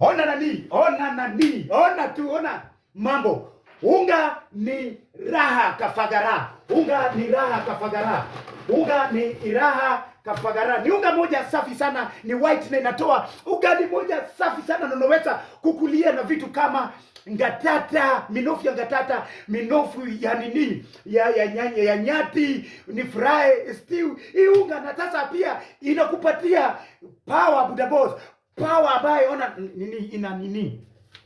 Ona nani, ona nani, ona tu, ona mambo. Unga ni raha kafagara, unga ni raha kafagara, unga ni raha kafagara. Ni unga moja safi sana, ni white na inatoa ugali moja safi sana, unaweza kukulia na vitu kama ngatata minofu ya ngatata minofu ya nini ya ya nyanya ya nyati ni fry stew hii unga na sasa pia inakupatia power buda boss power ambayo ona nini ina nini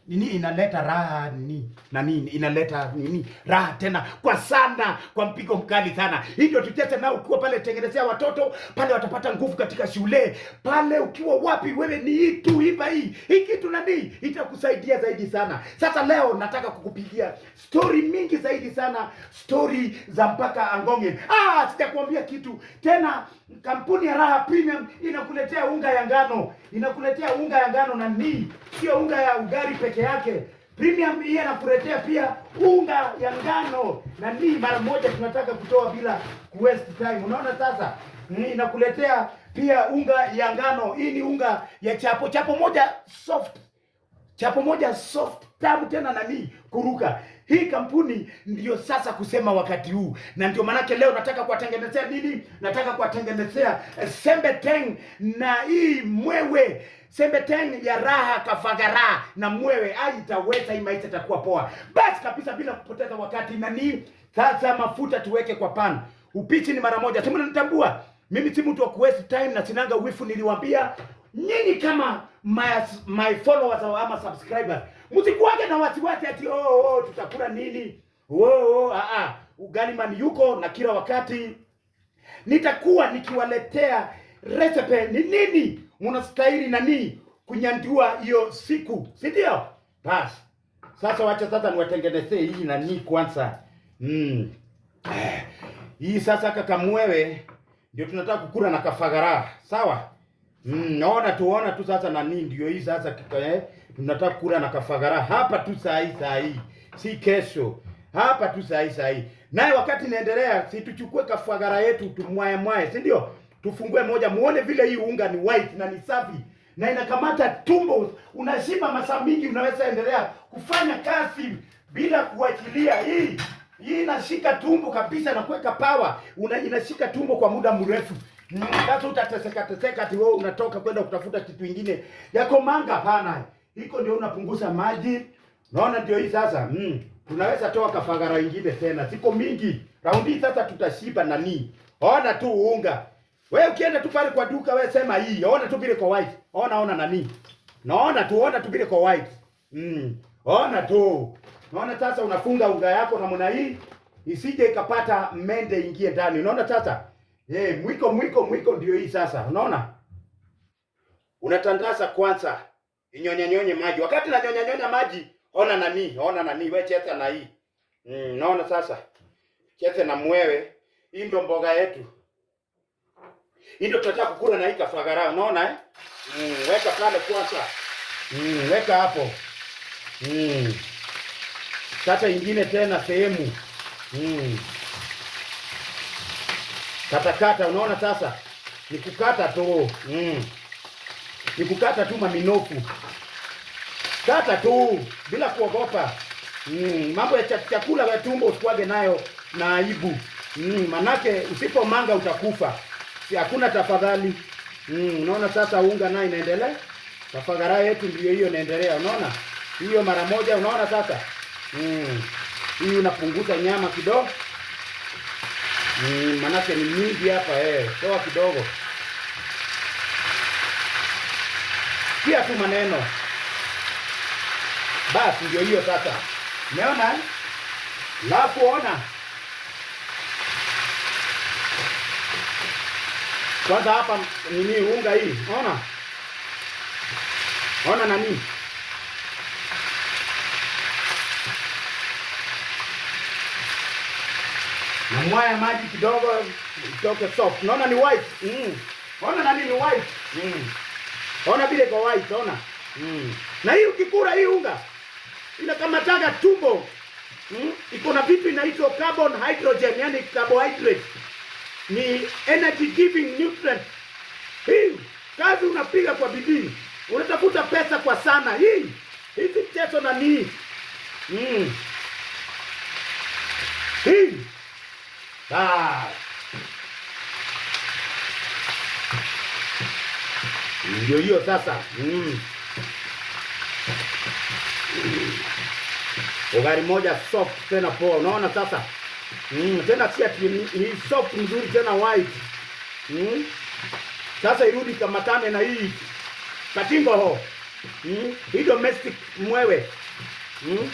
nini inaleta raha nini na nini inaleta nini raha tena kwa sana, kwa mpigo mkali sana. Hii ndio tucheze nao. Ukiwa pale tengenezea watoto pale, watapata nguvu katika shule pale, ukiwa wapi wewe, ni hii tu hiva hii hii kitu nani itakusaidia zaidi sana. Sasa leo nataka kukupigia story mingi zaidi sana, story za mpaka Angonge. Ah, sitakuambia kitu tena Kampuni ya Raha Premium inakuletea unga ya ngano, inakuletea unga ya ngano na nii, sio unga ya ugali peke yake. Premium hii inakuletea pia unga ya ngano na nii mara moja, tunataka kutoa bila waste time. Unaona sasa, inakuletea pia unga ya ngano. Hii ni unga ya chapo, chapo moja soft, chapo moja soft tamu tena na nii kuruka hii kampuni ndiyo sasa kusema wakati huu, na ndio maanake leo nataka kuwatengenezea nini? Nataka kuwatengenezea eh, sembeteng na hii mwewe sembeteng ya raha kafagara na mwewe ai, itaweza hii maisha itakuwa poa basi kabisa, bila kupoteza wakati. Na ni sasa mafuta tuweke kwa pan, upichi ni mara moja. Simu mnanitambua mimi, si mtu wa kuwaste time na sinanga wifu. Niliwaambia nyinyi kama my, my followers ama subscribers Msikuage na wasiwasi ati oh, oh, tutakula nini? Oh, oh, ah, ah. Ugaliman yuko na kila wakati nitakuwa nikiwaletea recipe ni nini mnastahili nini kunyandua hiyo siku, si ndio? Bas. sasa, wacha sasa niwatengenezee hii nini kwanza. Mm. Hii sasa kaka mwewe ndio tunataka kukula na kafagara, sawa? Mm, naona tuona tu sasa nini ndio hii sasa kitoe eh? tunataka kura na Kafagara hapa tu saa hii saa hii, si kesho, hapa tu saa hii saa hii. Naye wakati inaendelea, si tuchukue Kafagara yetu tumwaye mwaye, si ndio? Tufungue moja, muone vile hii unga ni white na ni safi na inakamata tumbo, unashiba masaa mingi, unaweza endelea kufanya kazi bila kuachilia hii hii inashika tumbo kabisa na kuweka power una, inashika tumbo kwa muda mrefu. Sasa utateseka teseka, ati wewe unatoka kwenda kutafuta kitu kingine yako manga hapana. Hiko ndio unapunguza maji. Naona ndio hii sasa. Mm. Tunaweza toa kafagara ingine tena. Siko mingi. Raundi sasa tutashiba nani? Ona tu unga. Wewe ukienda tu pale kwa duka wewe sema hii. Ona tu vile kwa white. Ona ona nani? Naona tu ona tu vile kwa white. Mm. Ona tu. Naona sasa unafunga unga yako na namna hii isije ikapata mende ingie ndani. Unaona sasa? Eh, mwiko mwiko mwiko ndio hii sasa. Unaona? Unatandaza kwanza inyonya nyonye maji. Wakati na nyonya nyonya maji, ona nani, ona nani we cheza na hii. Mm, naona sasa. Cheze na mwewe. Hii ndo mboga yetu. Hii ndo tutataka kukula na hii kafagara, unaona eh? Mm, weka pale kwanza. Mm, weka hapo. Mm. Kata ingine tena sehemu. Mm. Katakata, unaona sasa? Ni kukata tu. Mm ni kukata tu maminofu, kata tu bila kuogopa. Mm, mambo ya chakula ya tumbo usikuage nayo na aibu mm, manake usipomanga utakufa, si hakuna tafadhali. Mm, unaona sasa, unga naye inaendelea, tafadhali yetu ndio hiyo inaendelea, unaona hiyo mara moja, unaona sasa mm, hii unapunguza nyama kidogo mm, manake ni mingi hapa eh, toa kidogo Sikia tu maneno. Basi ndio hiyo sasa. Umeona? la ona. Kwanza hapa nini unga hii? Ona. Ona nani? Namwaya maji kidogo itoke soft. Naona ni white. Mm. Ona nani ni white. Mm. Ona bile kwa white ona. Mm. Na hii ukikula hii unga inakamataga tumbo. Mm. Iko na vitu inaitwa carbon hydrogen, yani carbohydrate. Ni energy giving nutrient. Hii kazi unapiga kwa bidii. Unatafuta pesa kwa sana hii. Hizi mchezo na nii. Mm. Hii. Ah. Ndio hiyo sasa mm. ugari moja soft tena poa, unaona sasa mm. Tena si hii soft nzuri tena white mm. Sasa irudi kamatane na hii katingo ho mm. Hii domestic mwewe mm.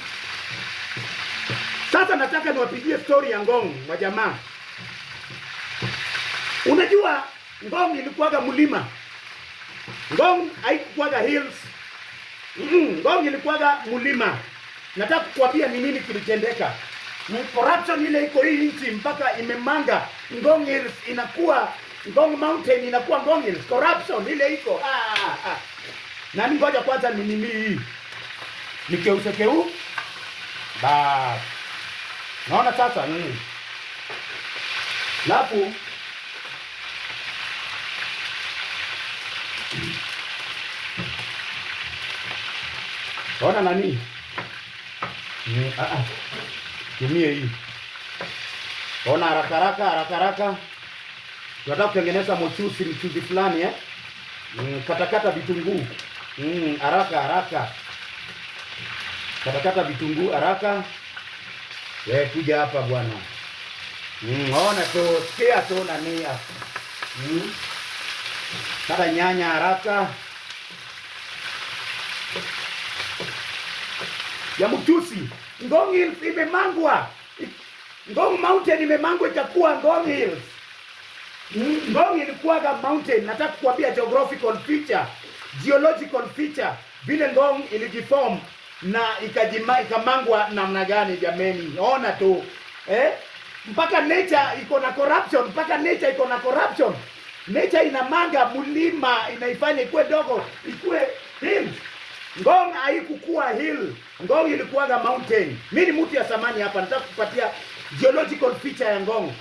Sasa nataka niwapigie story ya Ngong jamaa Unajua Ngong ilikuwaga mlima Ngong haikuwaga hills. Mm, Ngong ilikuwaga mlima. Nataka kukuambia ni nini kilitendeka. Ni corruption ile iko hii nchi mpaka imemanga Ngong Hills inakuwa Ngong Mountain inakuwa Ngong Hills. Corruption ile iko. Ah, ah. ah. Nani ngoja kwanza ni nini hii? Nikeuse keu. Ba. Naona sasa. Mm. Lapu Ona nani? Ni a ah, a. Ah. Tumie hii. Ona haraka haraka haraka haraka. Tunataka kutengeneza mchuzi mchuzi fulani eh. Mm, katakata vitunguu. Mm, haraka haraka. Katakata vitunguu haraka. Wewe kuja hapa bwana. Mm, ona to tia to nani hapa. Mm. Kada nyanya haraka. ya Mtusi. Ngong Hills imemangwa. Ngong Mountain imemangwa itakuwa Ngong Hills. Ngong ilikuwaga mountain. Nataka kukuambia geographical feature, geological feature vile Ngong ilijiform na ikajima ikamangwa namna gani jameni. Ona tu. Eh? Mpaka nature iko na corruption, mpaka nature iko na corruption. Nature inamanga mlima, inaifanya ikuwe dogo, ikuwe hills. Ngong haikukua hill, Ngong ilikuwaga mountain. Mimi ni mtu ya samani hapa, nataka kupatia geological feature ya Ngong.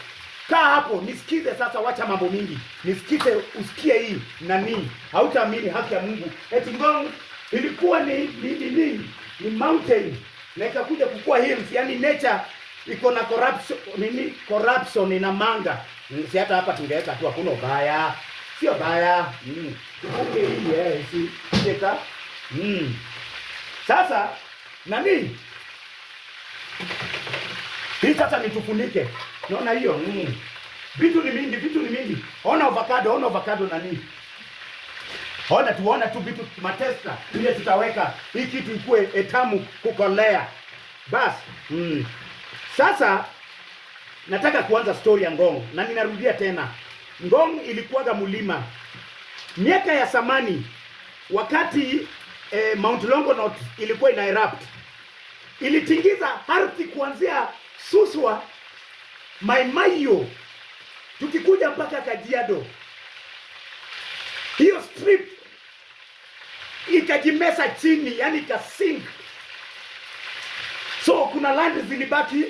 Kaa hapo nisikize sasa, wacha mambo mingi, nisikize usikie hii nani, hautaamini haki ya Mungu. Eti Ngong ilikuwa ni ni, ni, ni, ni mountain na ikakuja kukua hills, yani nature iko na corruption nini, corruption ina manga. Si hata hapa tungeweka tu, hakuna ubaya, sio baya mm. Okay, hii eh, si Mm. Sasa nani hii sasa nitufunike, naona hiyo mm. vitu ni mingi, vitu ni mingi. Ona avocado, ona avocado nani, ona tuona tu vitu matesta ile tutaweka hii kitu ikue etamu kukolea Bas. mm. Sasa nataka kuanza story ya Ngong na ninarudia tena, Ngong ilikuwaga mulima miaka ya samani wakati eh, Mount Longonot ilikuwa ina erupt, ilitingiza ardhi kuanzia Suswa, Maimayo, tukikuja mpaka Kajiado, hiyo strip ikajimesa chini, yani ikasink. So kuna land zilibaki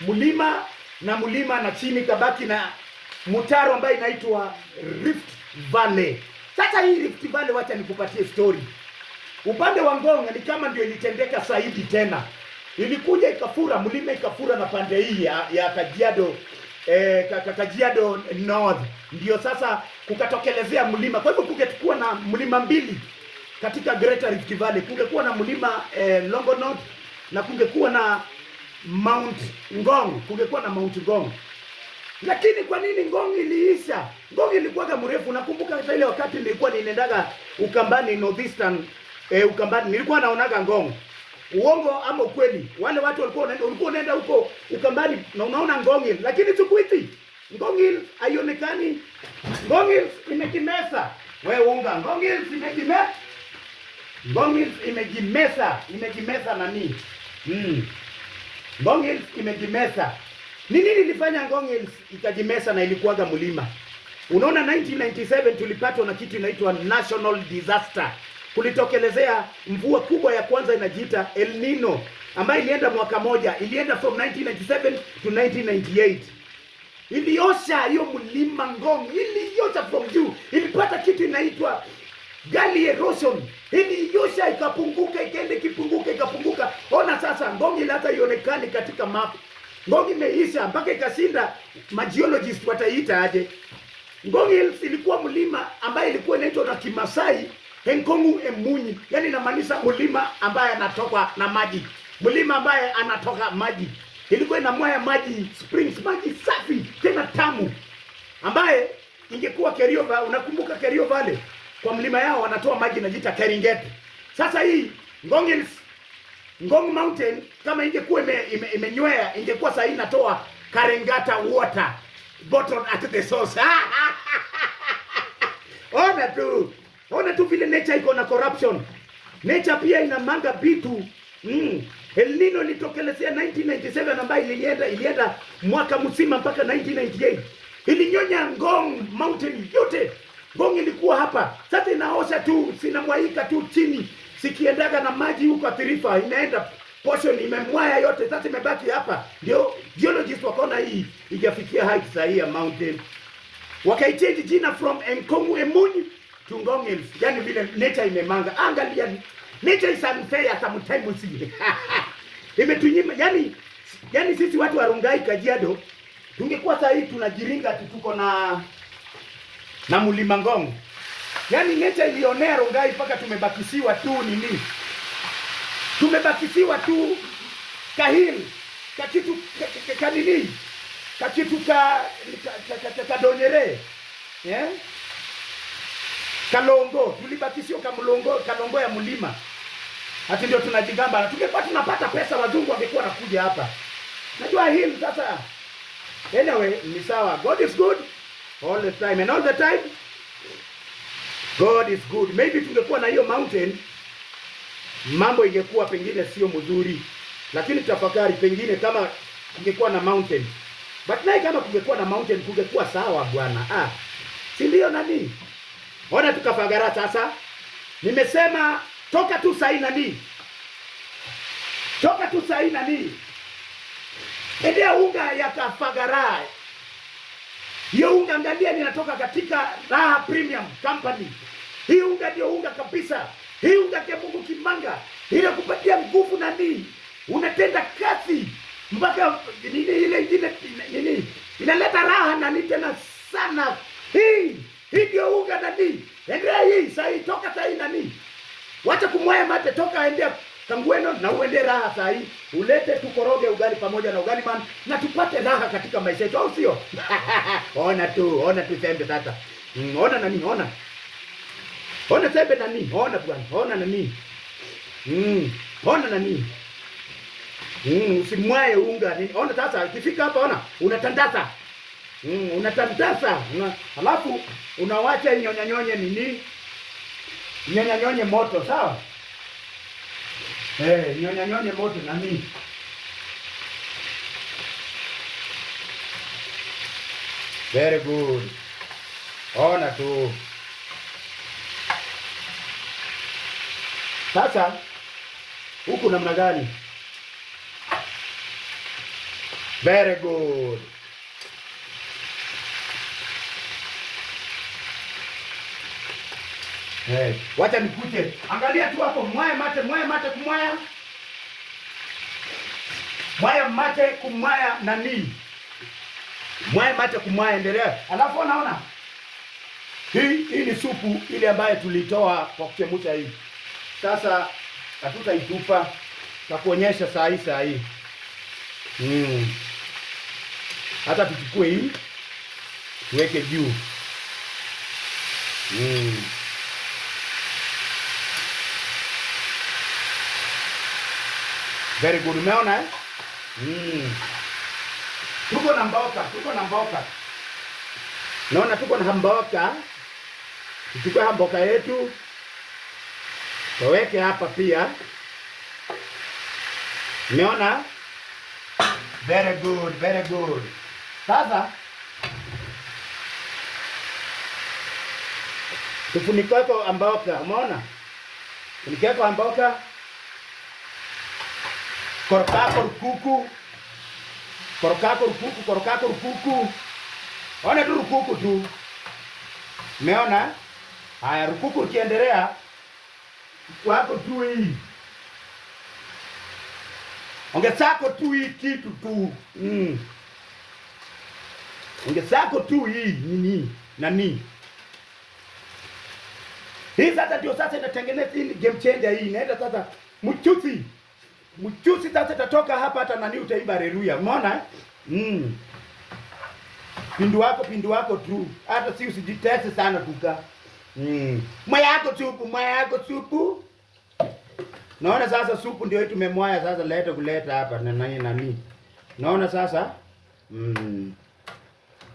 mlima na mlima na chini kabaki na mtaro ambayo inaitwa Rift Valley. Sasa hii Rift Valley, wacha nikupatie story. Upande wa Ngonga ni kama ndio ilitendeka saidi tena, ilikuja ikafura mlima ikafura na pande hii ya, ya Kajiado eh, Kajiado North ndio sasa kukatokelezea mlima. Kwa hivyo kungekuwa na mlima mbili katika Greater Rift Valley, kungekuwa na mlima eh, Longonot na kungekuwa na Mount Ngong, kungekuwa na Mount Ngong. Lakini kwa nini Ngong iliisha? Ngong ilikuwa mrefu. Nakumbuka ile wakati nilikuwa ninaendaga Ukambani Northeastern e, Ukambani nilikuwa naonaga ngongo. Uongo ama ukweli, wale watu walikuwa wanaenda, ulikuwa unaenda huko Ukambani na unaona ngongi, lakini Chukwiti ngongi haionekani. Ngongi imekimesa wewe unga ngongi imejimesa, ngongi imejimesa, imejimesa nani? Mm. Ngong Hills imejimesa. Nini lilifanya hmm. Ngong Hills ikajimesa na ilikuwaga mlima? Unaona 1997 tulipatwa na kitu inaitwa national disaster kulitokelezea mvua kubwa ya kwanza inajiita El Nino ambayo ilienda mwaka moja, ilienda from 1997 to 1998 iliosha hiyo mlima Ngong, iliosha from juu, ilipata kitu inaitwa gali erosion, iliosha ikapunguka, ikaenda ikipunguka, ikapunguka. Ona sasa, Ngong ile hata ionekani katika map. Ngong imeisha mpaka ikashinda majiologist wataiita aje? Ngong Hills ilikuwa mlima ambaye ilikuwa inaitwa na Kimasai Enkongu emunyi, yani inamaanisha mlima ambaye anatoka na maji, mlima ambaye anatoka maji. Ilikuwa inamwaya maji springs, maji safi tena tamu, ambaye ingekuwa Kerio Valley. Unakumbuka Kerio Valley, kwa mlima yao wanatoa maji inajiita Keringet. Sasa hii Ngong Hills, Ngong Mountain kama ingekuwa imenywea ime, ime ingekuwa saa hii inatoa Karengata water bottled at the source. Ona tu Ona tu vile nature iko na corruption. Nature pia ina manga bitu mm. El Nino litokelezea 1997 ambayo ilienda ilienda mwaka mzima mpaka 1998. Ilinyonya Ngong Mountain yote. Ngong ilikuwa hapa. Sasa inaosha tu, sinamwaika tu chini. Sikiendaga na maji huko atirifa inaenda portion imemwaya yote, sasa imebaki hapa. Ndio geologists wakaona hii ijafikia height sahihi ya mountain. Wakaichange jina from Enkongu Emunyi tungonge, yani vile nature imemanga. Angalia, nature is unfair sometimes imetunyima yani, yani sisi watu wa Rongai Kajiado tungekuwa saa hii tunajiringa tu tuko na na mlima Ngong, yani nature ilionea Rongai mpaka tumebakisiwa tu nini, tumebakisiwa tu kahili kakitu kanini kakitu ka, ka, ka, ka, ka, ka, ka, ka, ka, ka, ka, yeah Kalongo tulibatisio kamlongo Kalongo ya mlima, hati ndio tunajigamba, tungekuwa tunapata pesa wazungu wangekuwa nakuja hapa. Najua hili sasa. Anyway, ni sawa. God is good all the time and all the time God is good. Maybe tungekuwa na hiyo mountain, mambo ingekuwa pengine sio mzuri, lakini tafakari, pengine kama kungekuwa na mountain, but naye kama kungekuwa na mountain kungekuwa sawa bwana, ah, si ndio nani Ona tukafagara sasa. Nimesema toka tu sahi nani toka tu sahi nanii edea unga ya Kafagara, hiyo unga angalia, ninatoka katika Raha Premium Company. Hii unga ndio unga kabisa, hii unga ya Mungu Kimanga inakupatia nguvu nanii, unatenda kazi mpaka nini ile ingine nini inaleta raha nani tena sana hii hivyo unga nani endea hii sahii toka sahii nani wacha kumwaya mate toka endea kangueno na uende raha sahi ulete tukoroge ugali pamoja na ugali man na tupate raha katika maisha yetu, au sio? Ona tu ona tu sembe sasa, mm, ona nani ona ona sembe nani ona bwana ona nani mm, ona nani mm, usimwaye unga nini. Ona sasa, ikifika hapa, ona unatandaza Mm, unatamtasa una, alafu unawacha nyonyanyonye nini nyonyanyonye moto sawa? Eh, nyonyanyonye moto nami Very good. Ona tu sasa, huku namna gani? Very good. Hey. Wacha nikute. Angalia tu hapo mwaya mate, mwaya mate kumwaya. mwaya mate kumwaya na nini? Mwaya mate kumwaya endelea. Alafu unaona? Hii hii ni supu ile ambayo tulitoa kwa kuchemsha hii. Sasa hatutaitupa na kuonyesha saa hii saa hii. Mm. Hata tuchukue hii tuweke juu. Mm. Very good. Umeona eh? Mm. Tuko na mboka, tuko na mboka. Naona tuko na mboka. Tuchukue mboka yetu. Tuweke hapa pia. Umeona? Very good, very good. Sasa tufunike mboka, umeona? Tufunike kwa korokakor kuku korokakor kuku korokakor kuku. Ona tu rukuku tu, umeona? Haya, que ukiendelea wako tu hii saco tu hii kitu tu mm. saco tu hii nini nani hii sasa, ndio sasa inatengeneza hii game changer hii inaenda sasa mchuzi mchuzi sasa tatoka hapa, hata nani utaiba. Haleluya! Umeona eh? mm. Pindu wako pindu wako tu, hata si usijitese sana kuka mm. Mwaya yako supu, mwaya yako supu. Naona sasa supu ndio yetu memwaya sasa, leta kuleta hapa na nani nani. Naona sasa mm.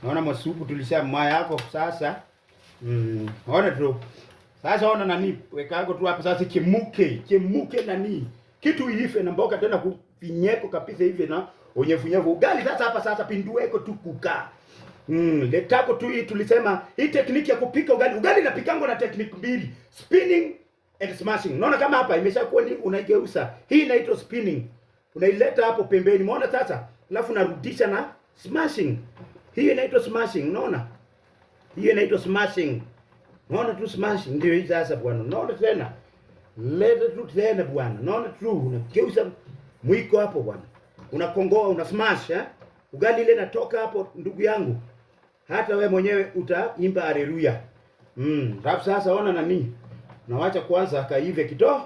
Naona masupu tulisha mwaya yako sasa mm. Naona tu sasa, ona nani weka wekako tu hapa sasa, chemuke chemuke nani kitu ilife na mboka tena kufinyeko kabisa hivi na unyevunyevu ugali. Sasa hapa sasa pindueko tu kukaa Mm, letako tu hii tulisema hii tekniki ya kupika ugali. Ugali inapikango na tekniki mbili. Spinning and smashing. Unaona kama hapa imeshakuwa ni unaigeusa. Hii inaitwa spinning. Unaileta hapo pembeni. Umeona sasa? Alafu narudisha na smashing. Hii inaitwa smashing, unaona? Hii inaitwa smashing. Unaona tu smashing ndio hii sasa bwana. Unaona tena? lete tu tena bwana. Naona tu unageuza mwiko hapo bwana, unakongoa una smash eh? ugali ile natoka hapo, ndugu yangu, hata we mwenyewe utaimba haleluya. Mm, rap sasa, ona nani nawacha kwanza akaive kito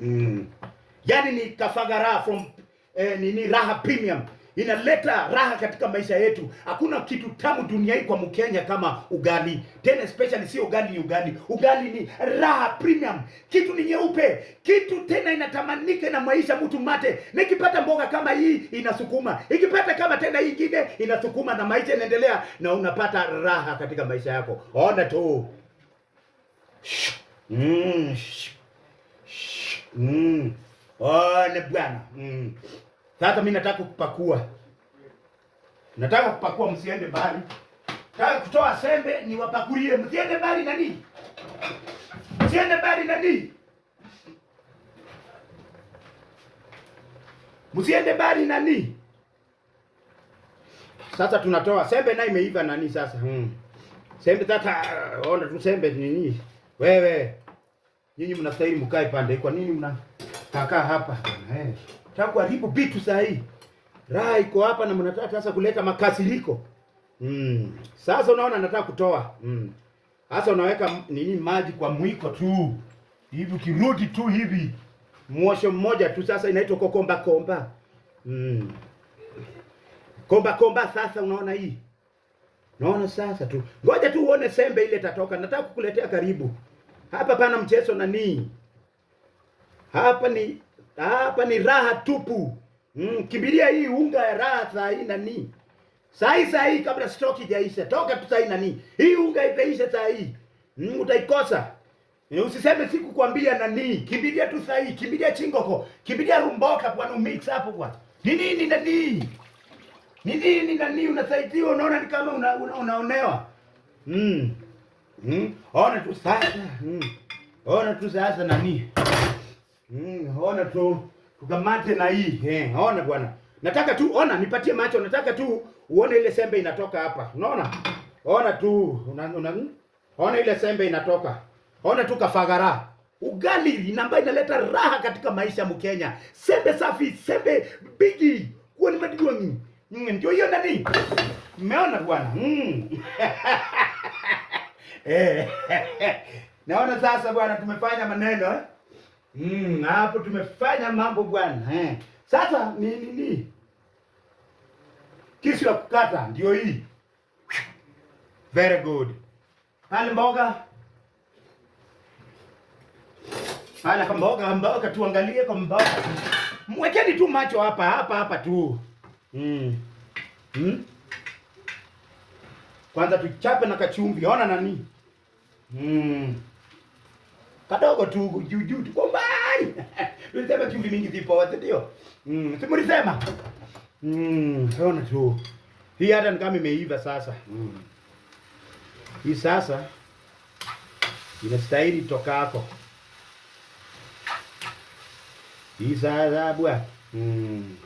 Mm. Yaani ni kafagara from eh, ni, ni raha premium inaleta raha katika maisha yetu. Hakuna kitu tamu dunia hii kwa Mkenya kama ugali, tena especially sio ugali, ni ugali. Ugali ni raha premium, kitu ni nyeupe, kitu tena inatamanika na maisha mtu mate. Nikipata mboga kama hii inasukuma, ikipata kama tena hii ingine inasukuma, na maisha inaendelea, na unapata raha katika maisha yako. Ona tu mm. Mm. Ona bwana mm. Sasa mimi nataka kupakua, nataka kupakua, msiende mbali. Nataka kutoa sembe niwapakulie, msiende mbali nani, msiende mbali nani, msiende mbali nani. Sasa tunatoa sembe na imeiva nani sasa, hmm. Sembe tata, uh, ona tu sembe nini. Wewe nyinyi mnastahili mkae pande, kwa nini mnakaa hapa? Eh. Nataka kuharibu vitu saa hii. Raha iko hapa na mnataka sasa kuleta makasiriko. Mm. Sasa unaona nataka kutoa. Mm. Sasa unaweka nini maji kwa mwiko tu. Hivi kirudi tu hivi. Mwosho mmoja tu sasa inaitwa kokomba komba. Mm. Komba komba sasa unaona hii. Unaona sasa tu. Ngoja tu uone sembe ile tatoka. Nataka kukuletea karibu. Hapa pana mchezo na nini? Hapa ni hapa ni raha tupu. Mm, kimbilia hii unga ya raha saa hii nani? Saa hii saa hii kabla stroke ijaisha. Toka tu saa hii nani? Hii unga ipeisha saa hii. Mm, utaikosa. Ni eh, Usiseme sikukwambia nani. Kimbilia tu saa hii, kimbilia chingoko, kimbilia rumboka kwa no mix hapo kwa. Ni nini nani? Ni nini nani unasaidiwa unaona ni kama una, una, unaonewa. Mm. Mm. Ona tu sasa. Mm. Ona tu sasa nani? Mm, ona tu tukamate na hii. Eh, ona bwana. Nataka tu ona nipatie macho, nataka tu uone ile sembe inatoka hapa. Unaona? Ona tu una, una, ona ile sembe inatoka. Ona tu kafagara. Ugali namba inaleta raha katika maisha Mkenya. Sembe safi, sembe bigi. Kwa ni madigwa ngi. Mm, ndio hiyo nani? Umeona bwana? Mm. eh. Naona sasa bwana tumefanya maneno eh? Mm, hapo tumefanya mambo bwana eh. Sasa ni nini? Kisu ya kukata ndio hii. Very good. Pale mboga. Pale kwa mboga, mboga tuangalie kwa mboga. Mwekeni tu macho hapa hapa hapa tu. Mm. Mm. Kwanza tuchape na kachumbi Ona nani? Mm kadogo tu juu juu tu kwa mbali. Tulisema chumvi mingi zipo wote ndio. Mm, si mlisema? Mm, ona tu. Hii hata ni kama imeiva sasa. Mm. Hii sasa inastahili toka hapo. Hii sasa bwa. Mm.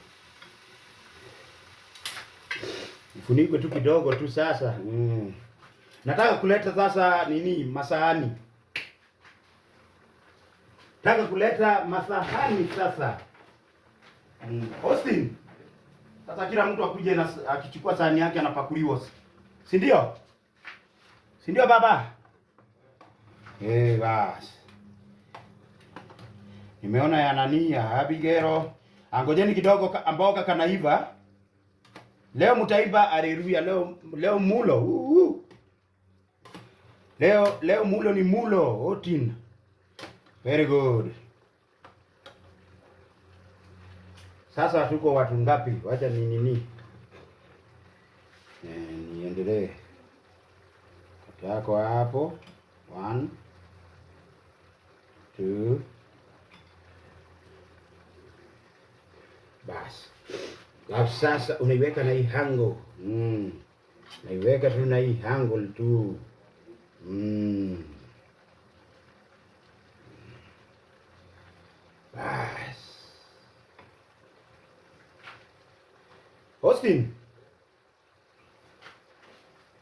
Funikwe tu kidogo tu sasa. Mm. Nataka kuleta sasa nini masahani taka kuleta masahani sasa. Mm. Austin, sasa kila mtu akuje na akichukua sahani yake anapakuliwa, si ndio? Si ndio baba? Eh, basi nimeona ya nani ya Abigero. Angojeni kidogo, amboka kanaiva leo, mtaiva. Haleluya! Leo leo mulo uh, uh. Leo leo mulo ni mulo otin Very good. Sasa tuko watu ngapi? Wacha ni nini eh, niendelee yako hapo. One, two. Basi alafu sasa unaiweka na hii hango mm. Naiweka tu na hii hango tu mm. Austin.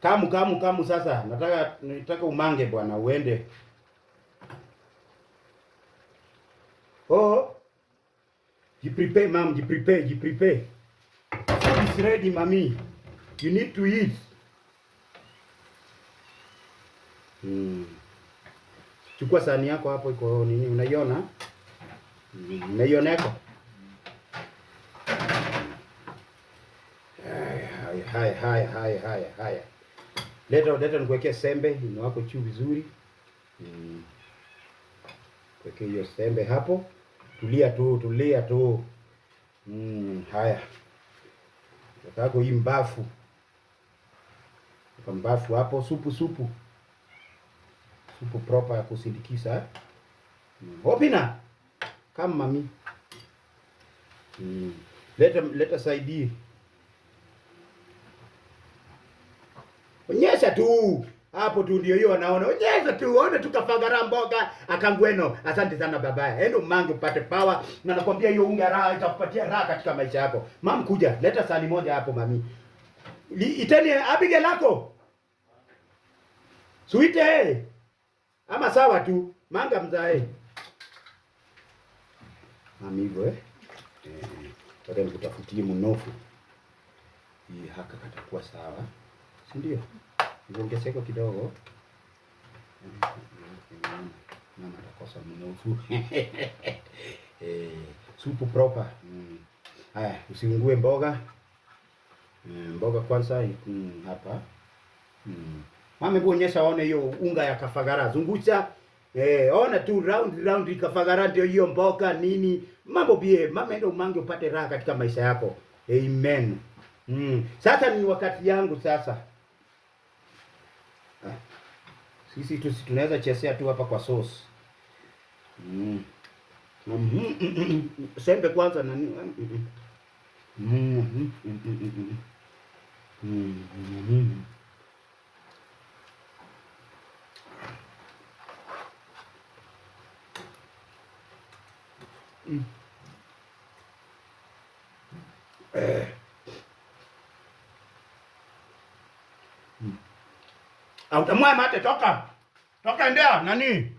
Kamu kamu kamu sasa. Nataka nitaka umange bwana uende. Oh. Jiprepare mam, jiprepare, prepare. Food is ready mami. You need to eat. Hmm. Chukua sahani yako hapo iko nini unaiona? Hmm, unaiona mm. haya haya haya haya haya haya. Leta leta, nikuwekea sembe ino wako chuu vizuri mm. Kuwekea hiyo sembe hapo, tulia tu tulia tu mm. Haya, Nataka hii mbafu kwa mbafu hapo, supu supu supu proper ya kusindikisa mm. Opina kama mami mm. Leta leta saidii onyesha tu hapo tu, ndio hiyo wanaona, onyesha tu, ona tu kafagara mboga akangweno. Asante sana baba, endo mange upate power, na nakwambia hiyo unga raha itakupatia raha katika maisha yako. Mam, kuja leta sahani moja hapo mami, iteni abige lako suite eh. ama sawa tu manga mzae mamigo eh, eh, nikutafutie mnofu hii haka katakuwa sawa, si ndio? ziongezeko kidogo atakosa mnofu eh, supu proper mm. Haya, usiungue mboga eh, mboga kwanza mm, hapa mm. Mama, bonyesha one hiyo unga ya kafagara, zungusha eh, ona tu round round kafagara, ndio hiyo mboga nini, mambo bie mama, ndio umange upate raha katika maisha yako. Amen. Mm. Sasa ni wakati yangu sasa sisi tu tunaweza chesea tu hapa kwa sauce. Mm. Sembe kwanza na nini? Mm Mm Mm Mm Mm. Eh. Utamwema hata toka. Toka endea nani?